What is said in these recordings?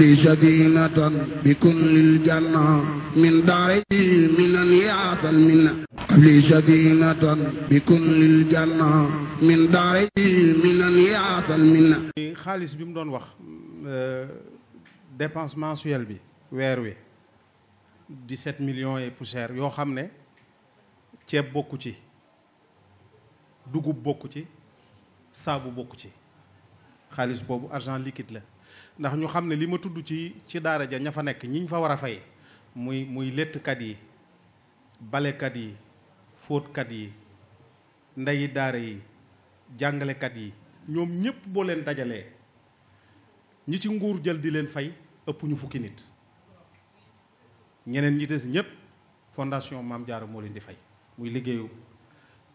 li sadinatan bi kullil li sadinatan bi min daari minan yaatal minna xaalis bi mu doon wax euh, dépense mensuelle bi weer wi 17 millions et poussière yoo xam ne ceeb bokk ci dugub bokk ci saabu bokk ci xaalis boobu argent liquide la ndax ñu xam ne li ma tudd ci ci daara ja ña fa nekk ñi ñu fa war a fay muy muy léttkat yi balekat yi fóotkat yi ndey daara yi jàngalekat yi ñoom ñépp boo leen dajalee ñi ci nguur jël di leen fay ëpp ñu fukki nit ñeneen ñi des ñépp fondation Maam Jaara moo leen di fay muy liggéeyu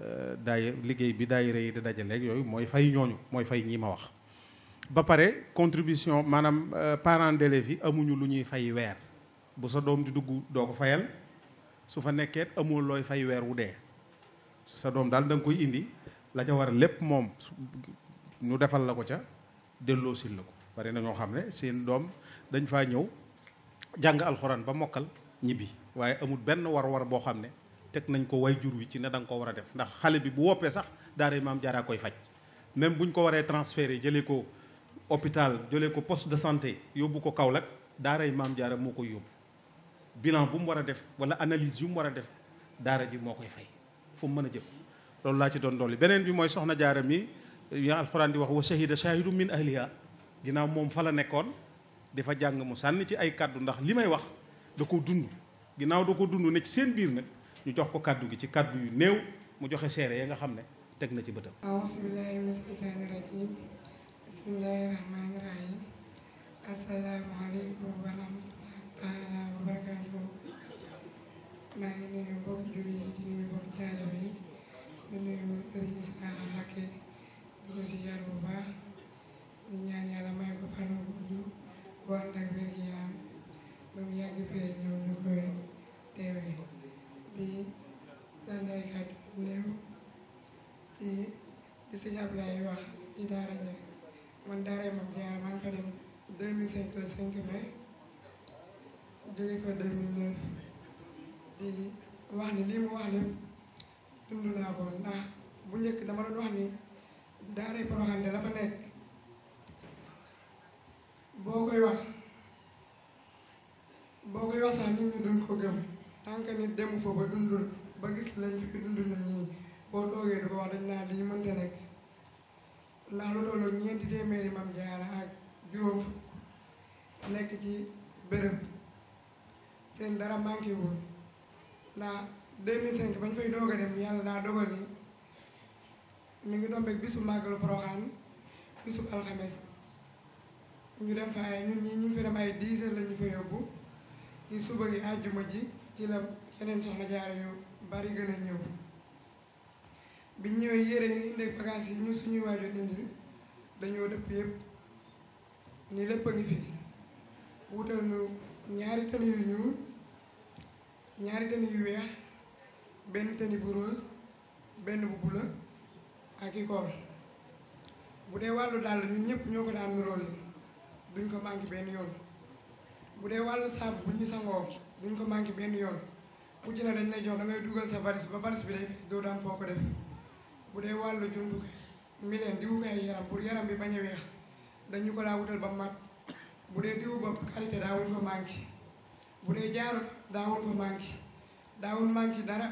euh, daay liggéey bi daayira yi di dajaleeg yooyu mooy fay ñooñu mooy fay ñii ma wax ba pare contribution maanaam euh, parents d'élèves yi amuñu lu ñuy fay weer bu sa doom di dugg doo ko fayal su fa nekkee amul looy fay weer wu dee sa doom daal danga koy indi la ca war lépp moom ñu defal la ko ca delloo sil la ko bari na ñoo xam ne seen doom dañ faa ñëw jàng alxuraan ba mokkal ñibbi waaye amul benn war-war boo xam ne teg nañ ko way jur wi ci ne da nga ko war a def ndax xale bi bu woppee sax daara maam jaaraa koy faj même buñ ko waree transféré jëlee ko hôpital jëlee ko poste de santé yóbbu ko kaw Kaolack daaray Maam Jaara moo koy yóbbu bilan bu mu war a def wala analyse yu mu war a def daara ji moo koy fay fu mu mën a jëm loolu laa ci doon dolli beneen bi mooy soxna jaara mi ya alxuraan di wax wa shahida shahidun min ahliha ginnaaw moom fa la nekkoon dafa jàng mu sànni ci ay kàddu ndax li may wax da ko dund ginnaaw da ko dund ne ci seen biir nag ñu jox ko kàddu gi ci kàddu yu néew mu joxe seere ya nga xam ne teg na ci bëtam bismillaahi rahmaani rahiim assalaamu aleykum wa rahmatullaahi taala wa barakaatuh maa ngi nuyu mbokk jullit yi cinq le cinq mai jóge fa 2009 di wax ni lii mu wax lépp dund naa ko ndax bu njëkk dama doon wax ni daaree Porokhane de la fa nekk boo koy wax boo koy wax sax nit ñi duñ ko gëm tant nit dem foofu dundul ba gis lañ fi dund ñun boo toogee dañ naa lii mënta nekk ndax lu loolu ñeenti téeméeri mam jaara ak juróom nekk ci béréb seen dara manqué woon ndax 2005 bañ fay doog a dem yàlla daa dogal ni mi ngi dombeeg bisu màggalu Poroxaan bisu alxames ñu dem fa ay ñun ñi ñu ngi fi dem ay 10 heures la ñu fa yóbbu ci suba yi àjjuma ji ci la yeneen soxna jaare yu bari gën a ñëw biñ ñëwee yére yi ñu indee bagages yi ñu suñuy waajur indi dañoo dëpp yëpp ni lépp ngi fi wutal ñu ñaari tën yu ñuul ñaari tën yu weex benn tën bu rose benn bu bula ak bu dee wàllu dàll ñun ñëpp ñoo ko daan nuróole duñ ko manqué benn yoon bu dee wàllu saabu bu ñuy sangoo duñ ko manqué benn yoon ku ci ne dañ lay jox da ngay dugal sa valise ba valise bi day doo daan foo ko def bu dee wàllu jumtukaay mi leen diwukaay yaram pour yaram bi bañ a weex dañu ko daa wutal ba mat bu dee diwu bopp qualité daawuñ ko manqué bu dee jaar daawuñ ko manqué daawuñ manqué dara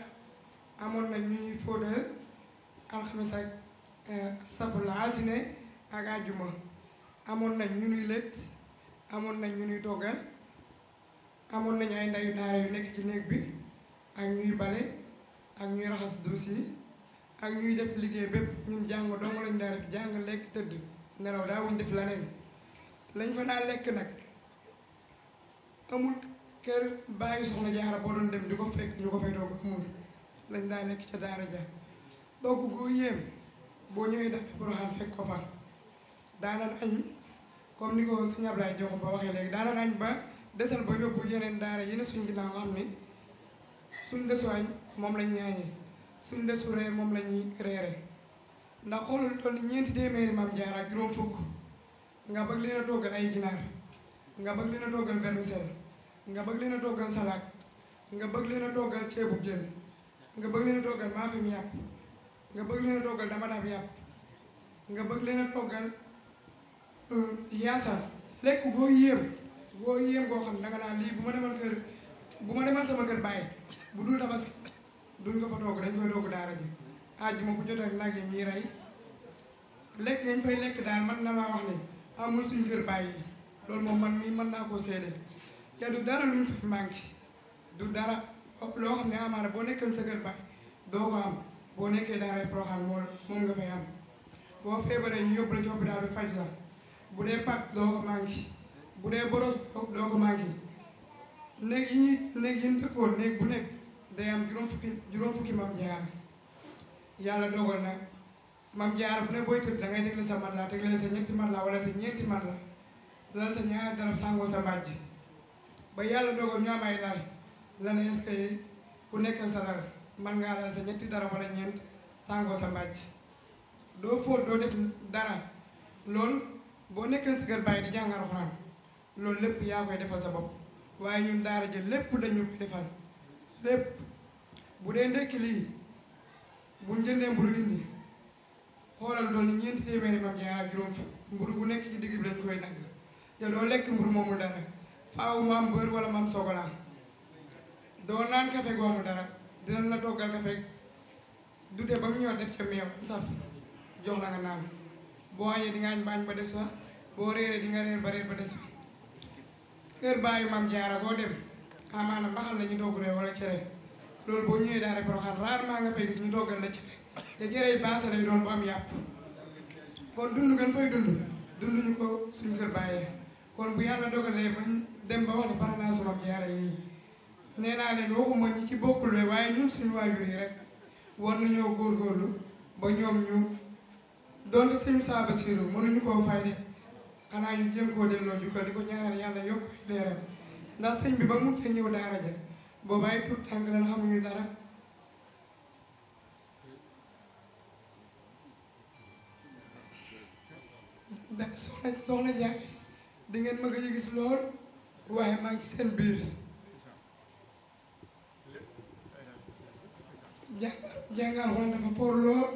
amoon nañ ñuy fóodal alxames euh, safula altine ak àjjuma amoon nañ ñu nuy lët amoon nañ ñu nuy toggal amoon nañ ay ndeyu daara yu nekk ci néeg bi ak ñuy bale ak ñuy raxas dossier ak ñuy def liggéey bépp ñun jàng dong lañ daa def jàng lekk tëdd nelaw daawuñ def leneen lañ fa daa lekk nag amul kër bàyyi soxna jaara boo doon dem di ko fekk ñu ko fay doog amul lañ daa lekk ca daara ja donc goo yéem boo ñëwee daal Porokhane fekk ko fa daanal añ comme ni ko sëñ Ablaye Diop ba waxee léegi daanal añ ba desal ba yóbbu yeneen daara yi ne suñ ginnaaw xam ni suñ desu añ moom lañ ñaañee suñ desu reer moom lañuy reere ndax xoolal toll ñeenti téeméeri maam jaara ak fukk nga bëgg leen a toggal ay ginaar nga bëgg leen a toggal vermicelle nga bëgg leen a toggal salade nga bëgg leen a toggal ceebu jën nga bëgg leen a toggal maafim yàpp nga bëgg leen a toggal damadab yàpp nga bëgg leen a toggal euh, yaasal lekk goo yéem goo goo xam ne danga naan lii bu ma demal kër bu ma demal sama kër bàyyi bu dul tabaski duñ nga fa togg dañ koy togg daara ji àjjuma bu jot ak nag yi ñuy rey lekk yañ fay lekk daal man na amul suñu kër bàyyi loolu moom man mii mën naa koo seede te du dara luñ fi manqué du dara loo xam ne amaana boo nekkoon sa kër bàyyi doo ko am boo nekkee dans les programmes moo moom nga fay am boo feebaree ñu yóbbu la ci daal bi faj la bu dee pat doo ko manqué bu dee boros doo ko manqué néeg yi ñuy néeg yi ñu tëkkoon néeg bu nekk day am juróom fukki juróom fukki maam jaar yàlla dogal nag mam jaar e bu ne booy tëdd e da ngay tegle sa mat la tegle sa ñetti man la wala sa ñeenti mat la lal sa ñaari darab sàngoo sa mbàjj ba yàlla dogal ñu am ay lal la ne est-ce sa lal man ngaa sa ñetti darab wala ñeent sàngoo sa mbàjj doo fóot doo def dara loolu boo nekkee sa kër bàyyi di jàng alxuraan loolu lépp yaa koy defal sa bopp waaye ñun daara jël lépp dañu defal lépp bu dee ndekki lii bu jëndee mburu indi xoolal doon ñeenti téeméeri mag ñaar ak juróom fukk mburu bu nekk ci digg bi lañ koy nag te doo lekk mburu moomu dara faaw mu am beurre wala mu am sookola doo naan kafe goomu dara la toggal kafe dute ba def ca meew saf boo añee di nga añ des fa boo réeree di nga réer ba réer ba des fa kër bàyyi maam jaara boo dem amaana mbaxal la ñu togg wala cere loolu boo ñëwee daara Porokhane rarement nga fay gis ñu toggal la cere te jërey baase lay doon bu am yàpp kon dund ngeen fay dund dunduñu ko suñu kër bàyyi kon bu yàlla dogalee bañ dem ba wax ne par naa sama yaara yi nee naa leen waxuma ñi ci bokkul le waaye ñun suñu waajur yi rek war ba ñoom ñu doonte sëñ Saa Basiru mënuñu koo fay de xanaa ñu jéem ko ñaanal yàlla yokk leeram ndax bi ba mu muccee ñëw daara ja boobaay tut tànk lan xamuñu dara ndax soxna soxna Ndiaye di ngeen ma gëj a gis waaye maa ci seen biir jàng jàngal xool dafa poor lool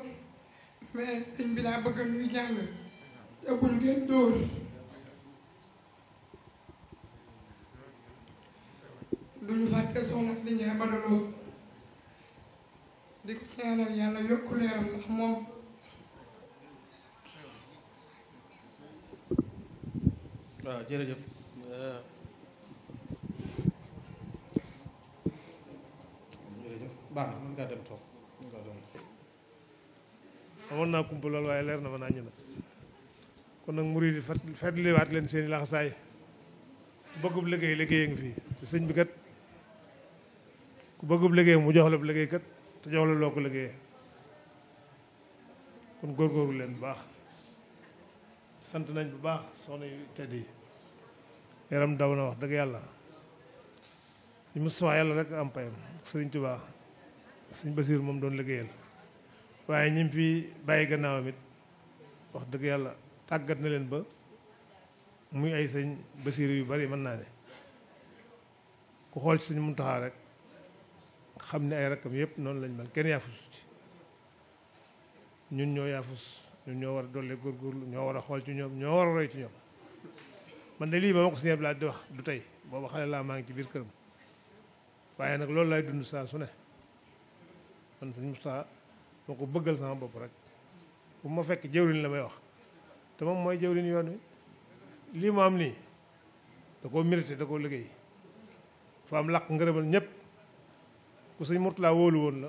mais sëñ bi daa bëgg ñuy jàng te bu ñu leen dóor du ñu fàtte soxna di Ndiaye Badaloo di ko ñaanal yàlla yokku leeram ndax moom. waaw jërëjëf jërëjëf baax na mën ngaa dem toog mën ngaa dem amoon naa kumpa lool waaye leer na ma naa ñu na kon nag murid yi fàttaliwaat leen seen i laxasaay ku bëggub liggéey liggéey ngi fii te sëñ bi kat ku bëggub liggéey mu jox la bu liggéey kat te jox la loo ko liggéeyee kon góorgóorlu leen bu baax sant nañ bu baax soxna yu tedd yi yaram daw na wax dëgg yàlla suñ Moustapha yàlla rek am payam sëriñ Tuubaa suñ Basiir moom doon liggéeyal waaye ñi fi bàyyi gannaawam it wax dëgg yàlla tàggat na leen ba muy ay sëñ Basiir yu bari mën naa ne ku xool ci sëñ Muntaxa rek xam ne ay rakkam yëpp noonu lañ mel kenn yaafus ci ñun ñoo yaafus ñun ñoo war a dolli góorlu ñoo war a xool ci ñoom ñoo war a roy ci ñoom man de lii ba ma ko siñeb laa di wax du tey booba xale laa maa ngi ci biir këram waaye nag loolu lay dund saa su ne man suñ Moustapha moo ko bëggal sama bopp rek bu ma fekk jëwriñ la may wax te moom mooy jëwriñ yoon wi lii mu am nii da koo mérité da koo liggéey fa am làq ngërëmal ñëpp ku suñ Murtala wóolu woon la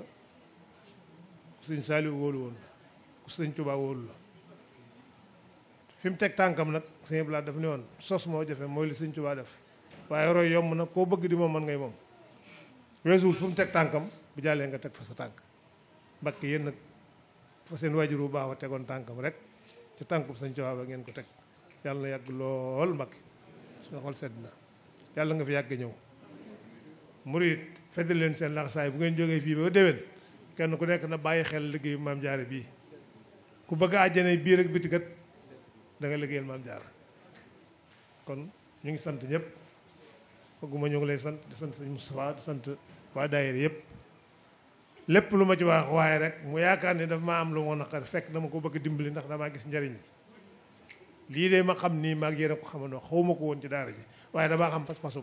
ku suñ Saaliw wóolu woon la ku sëñ Tuubaa wóolu la fi mu teg tànkam nag sëñ Abdu Lahat daf ne woon sos moo jafe mooy li sëñ Tuubaa def waaye roy yomb na koo bëgg di moom mën ngay moom weesuwul fu mu teg tànkam bu jàllee nga teg fa sa tànk mbakk yéen nag fa seen wajur bu baax a tegoon tànkam rek ci tànkub sëñ Tuubaa ba ngeen ko teg yàlla yàgg lool mbakk suñu xol sedd na yàlla nga fi yàgg ñëw murit fedd leen seen laxasaay bu ngeen jógee fii ba déwén kenn ku nekk na bàyyi xel liggéeyu maam jaare bii ku bëgg àjjana biir ak biti kat da nga liggéeyal maam jaara kon ñu ngi sant ñëpp fooguma ñu ngi lay sant di sant sëñ Moustapha di sant waa daayira yëpp lépp lu ma ci wax waaye rek mu yaakaar ne dafa ma am lu ma naqar fekk dama ko bëgg dimbali ndax damaa gis njariñ li lii de ma xam nii maag yéen a ko xamandoo xawma ko woon ci daara ji waaye damaa xam pas-pasu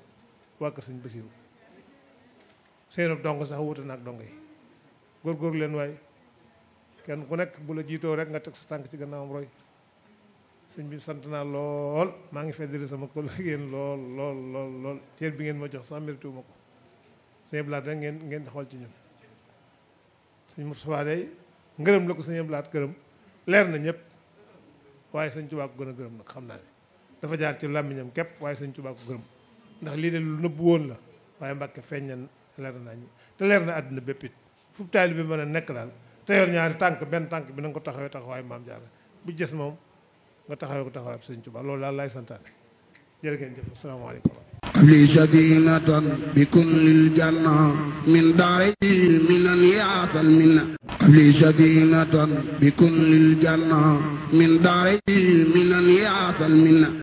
waa kër sëñ Basiru seen dong sax wuute na ak dong yi góorgóorlu leen waaye kenn ku nekk bu la jiitoo rek nga teg sa tànk ci gannaawam roy sëñ bi sant naa lool maa ngi feddali sama ko yéen lool lool lool lool teer bi ngeen ma jox sax mérité ma ko sëñ blaat rek ngeen ngeen xool ci ñun sëñ Moustapha day ngërëm la ko sëñ blaat gërëm leer na ñëpp waaye sëñ Tuubaa ko a gërëm nag xam naa ne dafa jaar ci làmmiñam képp waaye sëñ Tuubaa ko gërëm ndax lii de lu nëbbu woon la waaye Mbàkke feeñ na leer na ñi te leer na àdduna bépp it fu bi mën a nekk daal teyoor ñaari tànk benn tànk bi na nga ko taxawee taxawaayu maam Jaara bu jës moom nga taxawee ko taxawaayu Sëñ Tuubaa loolu daal laay santaane jërë ngeen jëf asalaamaaleykum li sadinatan bi kullil janna min daari minan yaatal minna li sadinatan bi kullil janna min daari minan yaatal minna